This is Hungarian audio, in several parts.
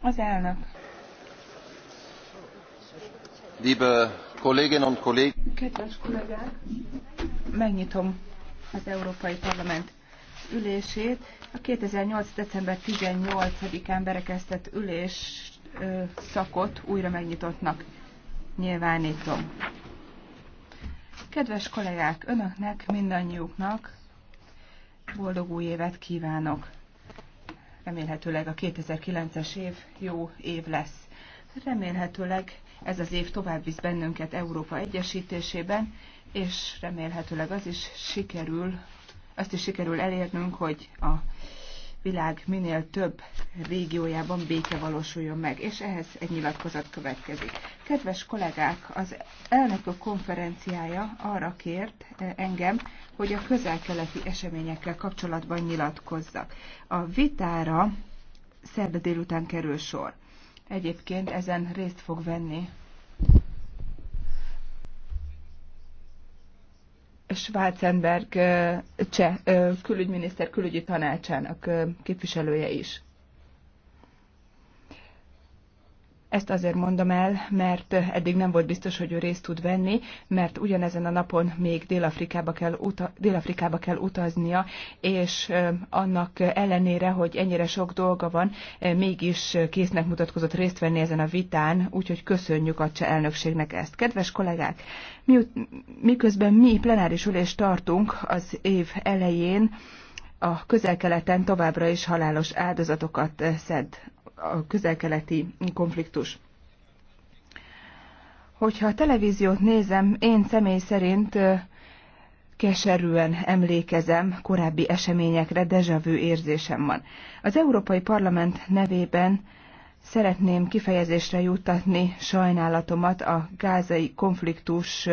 Az elnök. Liebe Kolleginnen und Kollegen! Kedves kollégák! Megnyitom az Európai Parlament ülését. A 2008. december 18-án berekeztett ülés szakot újra megnyitottnak nyilvánítom. Kedves kollégák, önöknek, mindannyiuknak boldog új évet kívánok! Remélhetőleg a 2009-es év jó év lesz. Remélhetőleg ez az év tovább visz bennünket Európa egyesítésében, és remélhetőleg az is sikerül, azt is sikerül elérnünk, hogy a világ minél több régiójában béke valósuljon meg, és ehhez egy nyilatkozat következik. Kedves kollégák, az elnökök konferenciája arra kért eh, engem, hogy a közel-keleti eseményekkel kapcsolatban nyilatkozzak. A vitára szerda délután kerül sor. Egyébként ezen részt fog venni Schwarzenberg cseh külügyminiszter külügyi tanácsának képviselője is. Ezt azért mondom el, mert eddig nem volt biztos, hogy ő részt tud venni, mert ugyanezen a napon még Dél-Afrikába kell, uta- Dél kell utaznia, és annak ellenére, hogy ennyire sok dolga van, mégis késznek mutatkozott részt venni ezen a vitán, úgyhogy köszönjük a cseh elnökségnek ezt. Kedves kollégák, miközben mi plenáris ülést tartunk az év elején, a közel-keleten továbbra is halálos áldozatokat szed a közelkeleti konfliktus. Hogyha a televíziót nézem, én személy szerint keserűen emlékezem korábbi eseményekre, dejavű érzésem van. Az Európai Parlament nevében szeretném kifejezésre juttatni sajnálatomat a gázai konfliktus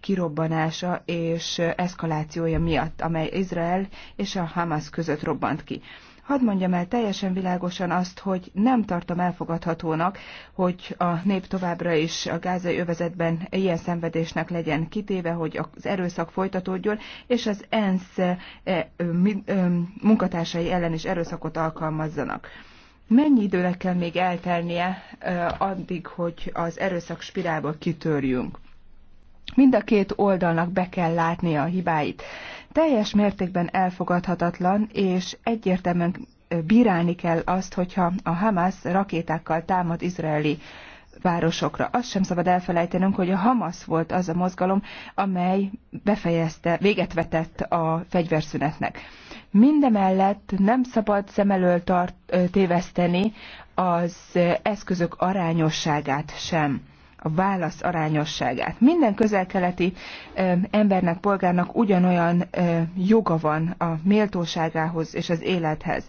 kirobbanása és eszkalációja miatt, amely Izrael és a Hamas között robbant ki. Hadd mondjam el teljesen világosan azt, hogy nem tartom elfogadhatónak, hogy a nép továbbra is a gázai övezetben ilyen szenvedésnek legyen kitéve, hogy az erőszak folytatódjon, és az ENSZ e, e, e, munkatársai ellen is erőszakot alkalmazzanak. Mennyi időre kell még eltelnie addig, hogy az erőszak spirálba kitörjünk? Mind a két oldalnak be kell látnia a hibáit. Teljes mértékben elfogadhatatlan, és egyértelműen bírálni kell azt, hogyha a Hamas rakétákkal támad izraeli városokra. Azt sem szabad elfelejtenünk, hogy a Hamas volt az a mozgalom, amely befejezte, véget vetett a fegyverszünetnek. Mindemellett nem szabad szem elől tart, téveszteni az eszközök arányosságát sem a válasz arányosságát. Minden közelkeleti embernek, polgárnak ugyanolyan joga van a méltóságához és az élethez.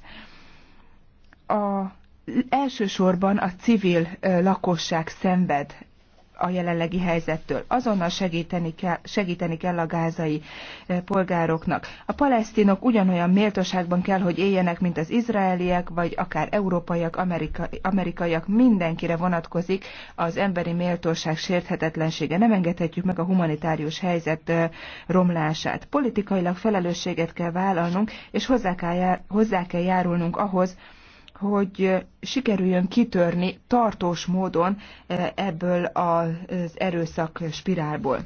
A elsősorban a civil lakosság szenved a jelenlegi helyzettől. Azonnal segíteni kell, segíteni kell a gázai eh, polgároknak. A palesztinok ugyanolyan méltóságban kell, hogy éljenek, mint az izraeliek, vagy akár európaiak, amerika, amerikaiak. Mindenkire vonatkozik az emberi méltóság sérthetetlensége. Nem engedhetjük meg a humanitárius helyzet eh, romlását. Politikailag felelősséget kell vállalnunk, és hozzá kell, jár, hozzá kell járulnunk ahhoz, hogy sikerüljön kitörni tartós módon e, ebből az erőszak spirálból.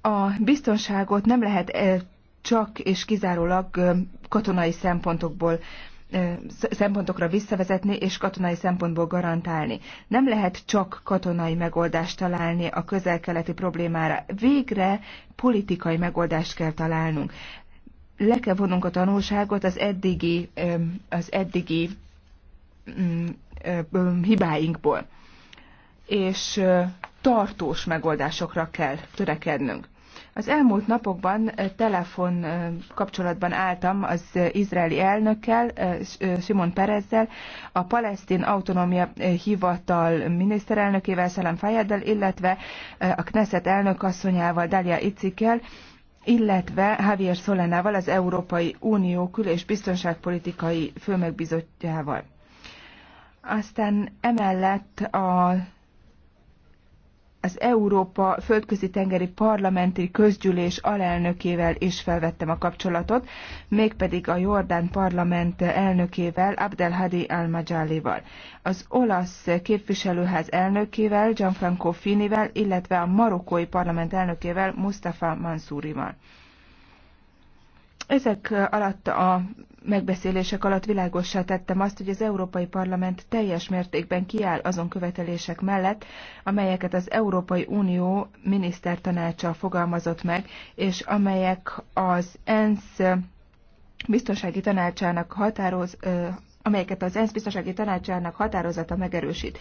A biztonságot nem lehet e, csak és kizárólag e, katonai szempontokból szempontokra visszavezetni és katonai szempontból garantálni. Nem lehet csak katonai megoldást találni a közel-keleti problémára. Végre politikai megoldást kell találnunk le kell vonnunk a tanulságot az eddigi, az eddigi mm, hibáinkból, és tartós megoldásokra kell törekednünk. Az elmúlt napokban telefon kapcsolatban álltam az izraeli elnökkel, Simon Perezzel, a palesztin autonómia hivatal miniszterelnökével, Szelem Fayeddel, illetve a Knesset elnök asszonyával, Dalia Icikkel, illetve Javier Solánával, az Európai Unió kül- és biztonságpolitikai főmegbizottjával. Aztán emellett a az Európa Földközi Tengeri Parlamenti Közgyűlés alelnökével is felvettem a kapcsolatot, mégpedig a Jordán Parlament elnökével, Abdelhadi Al-Majalival, az olasz képviselőház elnökével, Gianfranco Finivel, illetve a marokkói parlament elnökével, Mustafa Mansourival. Ezek alatt a megbeszélések alatt világossá tettem azt, hogy az Európai Parlament teljes mértékben kiáll azon követelések mellett, amelyeket az Európai Unió minisztertanácsa fogalmazott meg, és amelyek az ENSZ biztonsági tanácsának határoz, amelyeket az ENSZ biztonsági tanácsának határozata megerősít.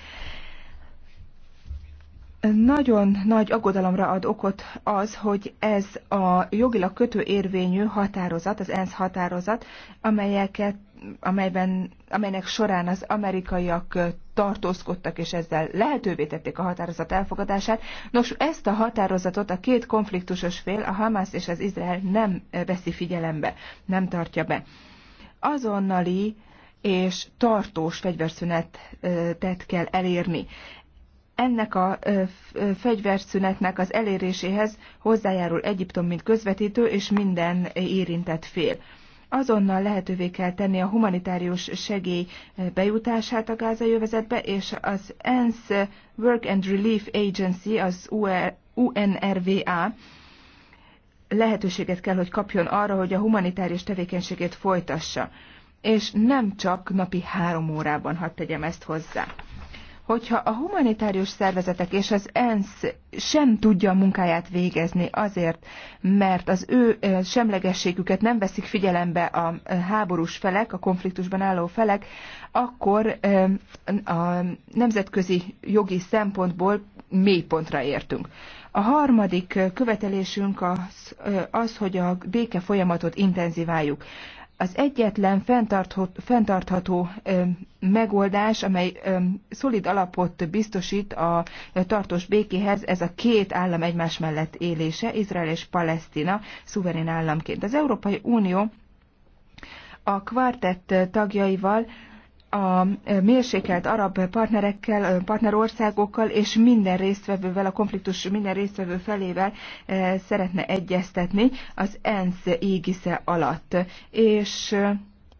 Nagyon nagy aggodalomra ad okot az, hogy ez a jogilag kötőérvényű határozat, az ENSZ határozat, amelyeket, amelyben, amelynek során az amerikaiak tartózkodtak, és ezzel lehetővé tették a határozat elfogadását. Nos, ezt a határozatot a két konfliktusos fél, a Hamász és az Izrael nem veszi figyelembe, nem tartja be. Azonnali és tartós fegyverszünetet kell elérni ennek a fegyverszünetnek az eléréséhez hozzájárul Egyiptom, mint közvetítő és minden érintett fél. Azonnal lehetővé kell tenni a humanitárius segély bejutását a gázai övezetbe, és az ENSZ Work and Relief Agency, az UNRWA lehetőséget kell, hogy kapjon arra, hogy a humanitárius tevékenységét folytassa. És nem csak napi három órában, hadd tegyem ezt hozzá hogyha a humanitárius szervezetek és az ENSZ sem tudja a munkáját végezni azért, mert az ő semlegességüket nem veszik figyelembe a háborús felek, a konfliktusban álló felek, akkor a nemzetközi jogi szempontból mélypontra értünk. A harmadik követelésünk az, az, hogy a béke folyamatot intenzíváljuk az egyetlen fenntartható megoldás, amely szolid alapot biztosít a tartós békéhez, ez a két állam egymás mellett élése, Izrael és Palesztina szuverén államként. Az Európai Unió a kvartett tagjaival a mérsékelt arab partnerekkel, partnerországokkal és minden résztvevővel, a konfliktus minden résztvevő felével szeretne egyeztetni az ENSZ égisze alatt. És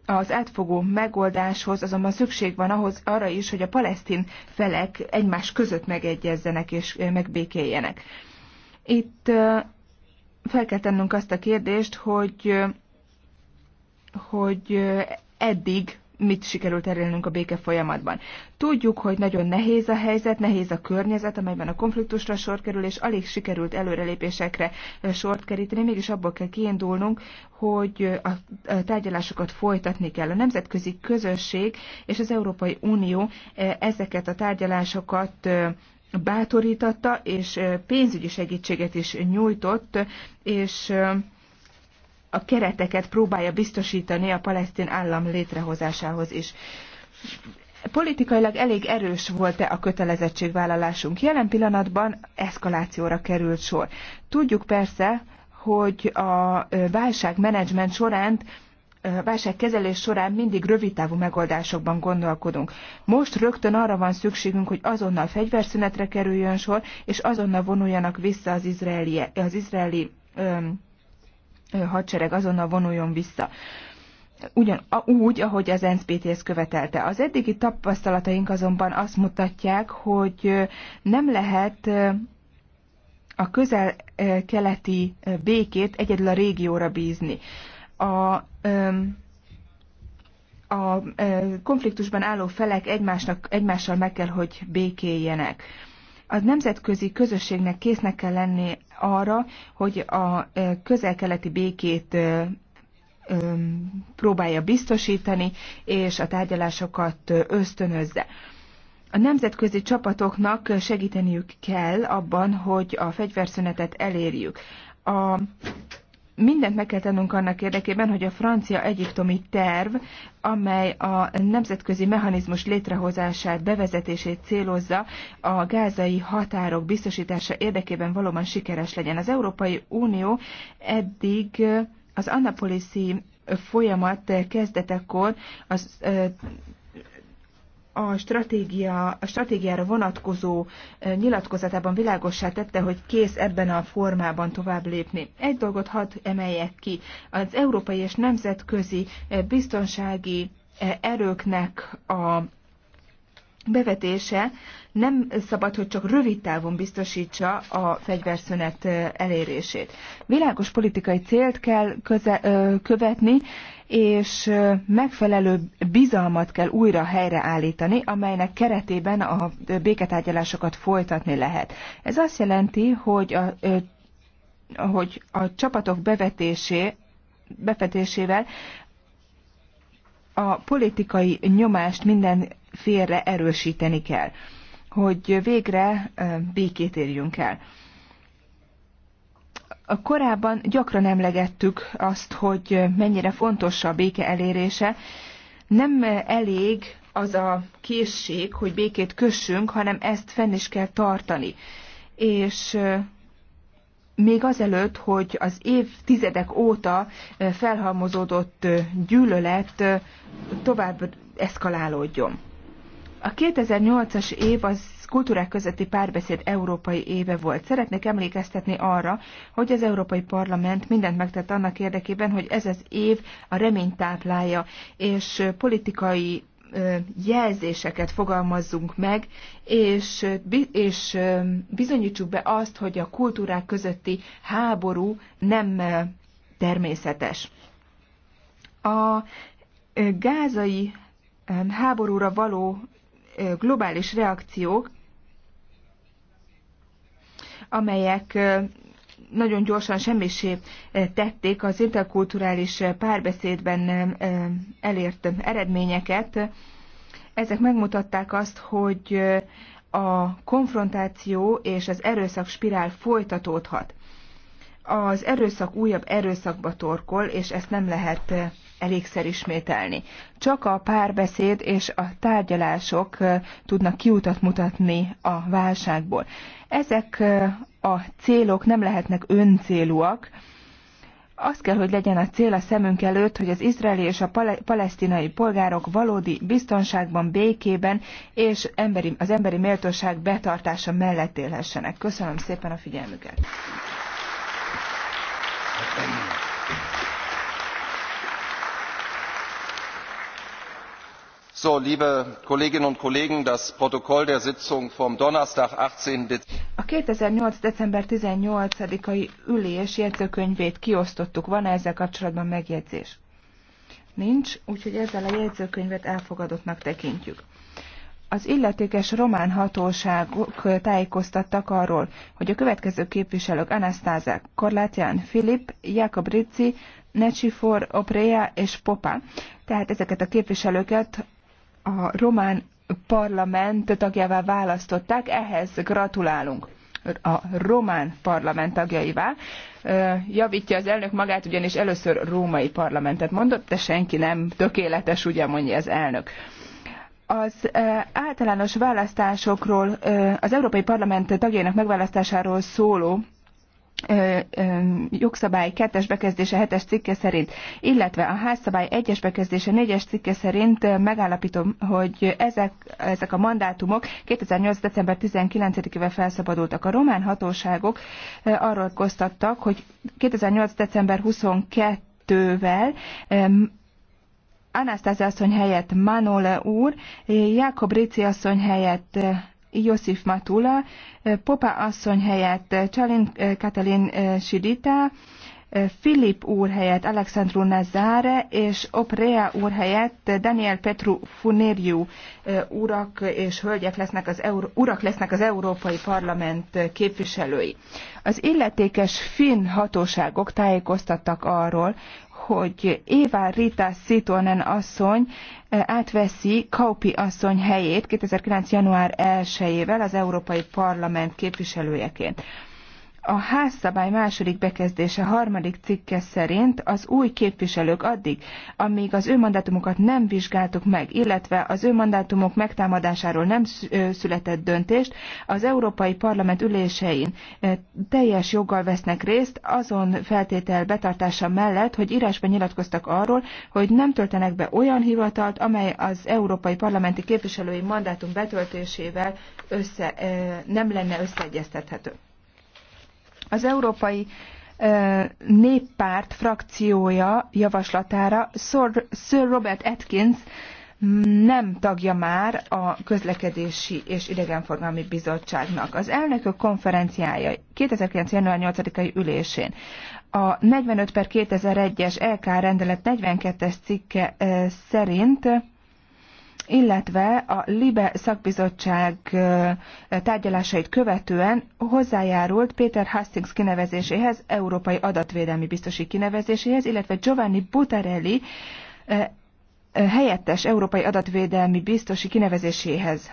az átfogó megoldáshoz azonban szükség van ahhoz arra is, hogy a palesztin felek egymás között megegyezzenek és megbékéljenek. Itt fel kell tennünk azt a kérdést, hogy, hogy eddig mit sikerült elérnünk a béke folyamatban. Tudjuk, hogy nagyon nehéz a helyzet, nehéz a környezet, amelyben a konfliktusra sor kerül, és alig sikerült előrelépésekre eh, sort keríteni, mégis abból kell kiindulnunk, hogy eh, a eh, tárgyalásokat folytatni kell. A nemzetközi közösség és az Európai Unió ezeket a tárgyalásokat bátorította és pénzügyi segítséget is nyújtott, és a kereteket próbálja biztosítani a palesztin állam létrehozásához is. Politikailag elég erős volt-e a kötelezettségvállalásunk? Jelen pillanatban eszkalációra került sor. Tudjuk persze, hogy a válságmenedzsment során válságkezelés során mindig rövidtávú megoldásokban gondolkodunk. Most rögtön arra van szükségünk, hogy azonnal fegyverszünetre kerüljön sor, és azonnal vonuljanak vissza az izraeli, az izraeli öm, hadsereg azonnal vonuljon vissza. Ugyan úgy, ahogy az NSPTS követelte. Az eddigi tapasztalataink azonban azt mutatják, hogy nem lehet a közel-keleti békét egyedül a régióra bízni. A a konfliktusban álló felek egymásnak, egymással meg kell, hogy békéljenek. A nemzetközi közösségnek késznek kell lenni arra, hogy a közel-keleti békét próbálja biztosítani, és a tárgyalásokat ösztönözze. A nemzetközi csapatoknak segíteniük kell abban, hogy a fegyverszünetet elérjük. A mindent meg kell tennünk annak érdekében, hogy a francia-egyiptomi terv, amely a nemzetközi mechanizmus létrehozását, bevezetését célozza, a gázai határok biztosítása érdekében valóban sikeres legyen. Az Európai Unió eddig eh, az Annapoliszi folyamat kezdetekor az eh, a, stratégia, a stratégiára vonatkozó nyilatkozatában világossá tette, hogy kész ebben a formában tovább lépni. Egy dolgot hadd emeljek ki. Az európai és nemzetközi biztonsági erőknek a bevetése nem szabad, hogy csak rövid távon biztosítsa a fegyverszünet elérését. Világos politikai célt kell köze, követni, és megfelelő bizalmat kell újra helyreállítani, amelynek keretében a béketárgyalásokat folytatni lehet. Ez azt jelenti, hogy a, hogy a csapatok bevetésé, bevetésével a politikai nyomást minden félre erősíteni kell, hogy végre békét érjünk el. Korábban gyakran emlegettük azt, hogy mennyire fontos a béke elérése. Nem elég az a készség, hogy békét kössünk, hanem ezt fenn is kell tartani. És még azelőtt, hogy az évtizedek óta felhalmozódott gyűlölet tovább eszkalálódjon. A 2008-as év az kultúrák közötti párbeszéd európai éve volt. Szeretnék emlékeztetni arra, hogy az Európai Parlament mindent megtett annak érdekében, hogy ez az év a remény táplálja, és politikai jelzéseket fogalmazzunk meg, és, és bizonyítsuk be azt, hogy a kultúrák közötti háború nem természetes. A gázai háborúra való globális reakciók, amelyek nagyon gyorsan semmisé tették az interkulturális párbeszédben elért eredményeket. Ezek megmutatták azt, hogy a konfrontáció és az erőszak spirál folytatódhat. Az erőszak újabb erőszakba torkol, és ezt nem lehet elégszer ismételni. Csak a párbeszéd és a tárgyalások tudnak kiutat mutatni a válságból. Ezek a célok nem lehetnek öncélúak, az kell, hogy legyen a cél a szemünk előtt, hogy az izraeli és a palesztinai polgárok valódi biztonságban, békében és emberi, az emberi méltóság betartása mellett élhessenek. Köszönöm szépen a figyelmüket! liebe Kolleginnen und Kollegen, das Protokoll der Sitzung vom Donnerstag 18. A 2008. december 18 i ülés jegyzőkönyvét kiosztottuk. Van-e ezzel kapcsolatban megjegyzés? Nincs, úgyhogy ezzel a jegyzőkönyvet elfogadottnak tekintjük. Az illetékes román hatóságok tájékoztattak arról, hogy a következő képviselők Anastázák, Korlátján, Filip, Jakob Ricci, Necsifor, Oprea és Popa, tehát ezeket a képviselőket a román parlament tagjává választották, ehhez gratulálunk a román parlament tagjaivá. Javítja az elnök magát, ugyanis először római parlamentet mondott, de senki nem tökéletes, ugye mondja az elnök. Az általános választásokról, az Európai Parlament tagjainak megválasztásáról szóló jogszabály 2-es bekezdése 7-es cikke szerint, illetve a házszabály 1-es bekezdése 4-es cikke szerint megállapítom, hogy ezek, ezek a mandátumok 2008. december 19-ével felszabadultak. A román hatóságok arról koztattak, hogy 2008. december 22-vel Anasztázia asszony helyett Manole úr, Jakob Rici asszony helyett Josif Matula, Popa asszony helyett Csalin Katalin Sidita, Filip úr helyett Alexandru Nazare és Oprea úr helyett Daniel Petru Funeriu urak és hölgyek lesznek az Euró- urak lesznek az Európai Parlament képviselői. Az illetékes finn hatóságok tájékoztattak arról, hogy Éva Rita Szitonen asszony eh, átveszi Kaupi asszony helyét 2009. január 1-ével az Európai Parlament képviselőjeként. A házszabály második bekezdése harmadik cikke szerint az új képviselők addig, amíg az ő mandátumokat nem vizsgáltuk meg, illetve az ő mandátumok megtámadásáról nem született döntést, az Európai Parlament ülésein teljes joggal vesznek részt azon feltétel betartása mellett, hogy írásban nyilatkoztak arról, hogy nem töltenek be olyan hivatalt, amely az Európai Parlamenti képviselői mandátum betöltésével össze, nem lenne összeegyeztethető. Az Európai Néppárt frakciója javaslatára Sir Robert Atkins nem tagja már a közlekedési és idegenforgalmi bizottságnak. Az elnökök konferenciája 2009. január 8-ai ülésén a 45 per 2001-es LK rendelet 42-es cikke szerint illetve a LIBE szakbizottság tárgyalásait követően hozzájárult Péter Hastings kinevezéséhez, Európai Adatvédelmi Biztosi kinevezéséhez, illetve Giovanni Butarelli helyettes Európai Adatvédelmi Biztosi kinevezéséhez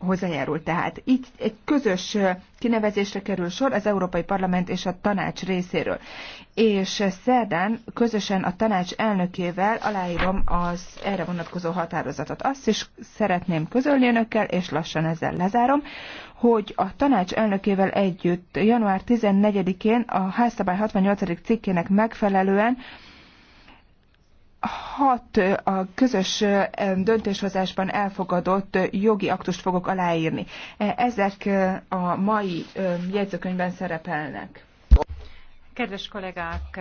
hozzájárul. Tehát így egy közös kinevezésre kerül sor az Európai Parlament és a tanács részéről. És szerdán közösen a tanács elnökével aláírom az erre vonatkozó határozatot. Azt is szeretném közölni önökkel, és lassan ezzel lezárom, hogy a tanács elnökével együtt január 14-én a házszabály 68. cikkének megfelelően hat a közös döntéshozásban elfogadott jogi aktust fogok aláírni. E, ezek a mai jegyzőkönyvben szerepelnek. Kedves kollégák,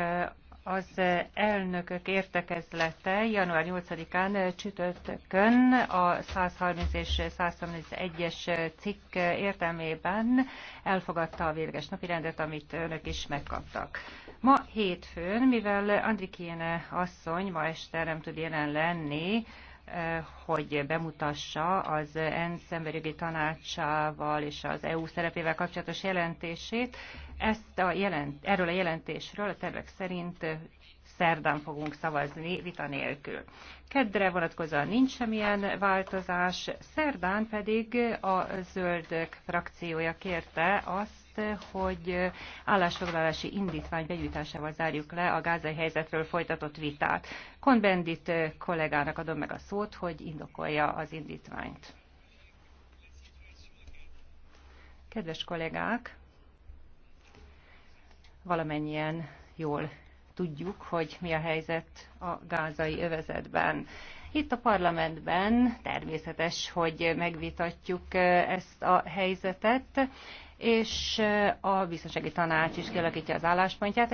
az elnökök értekezlete január 8-án csütörtökön a 130 és 131-es cikk értelmében elfogadta a végleges napirendet, amit önök is megkaptak. Ma hétfőn, mivel Andrikén asszony ma este nem tud jelen lenni, eh, hogy bemutassa az ENSZ emberjogi tanácsával és az EU szerepével kapcsolatos jelentését. Ezt a jelent, erről a jelentésről a tervek szerint eh, szerdán fogunk szavazni vita nélkül. Keddre vonatkozóan nincs semmilyen változás, szerdán pedig a zöldök frakciója kérte azt, hogy állásfoglalási indítvány begyűjtásával zárjuk le a gázai helyzetről folytatott vitát. Konbendit eh, kollégának adom meg a szót, hogy indokolja az indítványt. Kedves kollégák, valamennyien jól tudjuk, hogy mi a helyzet a gázai övezetben. Itt a parlamentben természetes, hogy megvitatjuk eh, ezt a helyzetet, és a biztonsági tanács is kialakítja az álláspontját.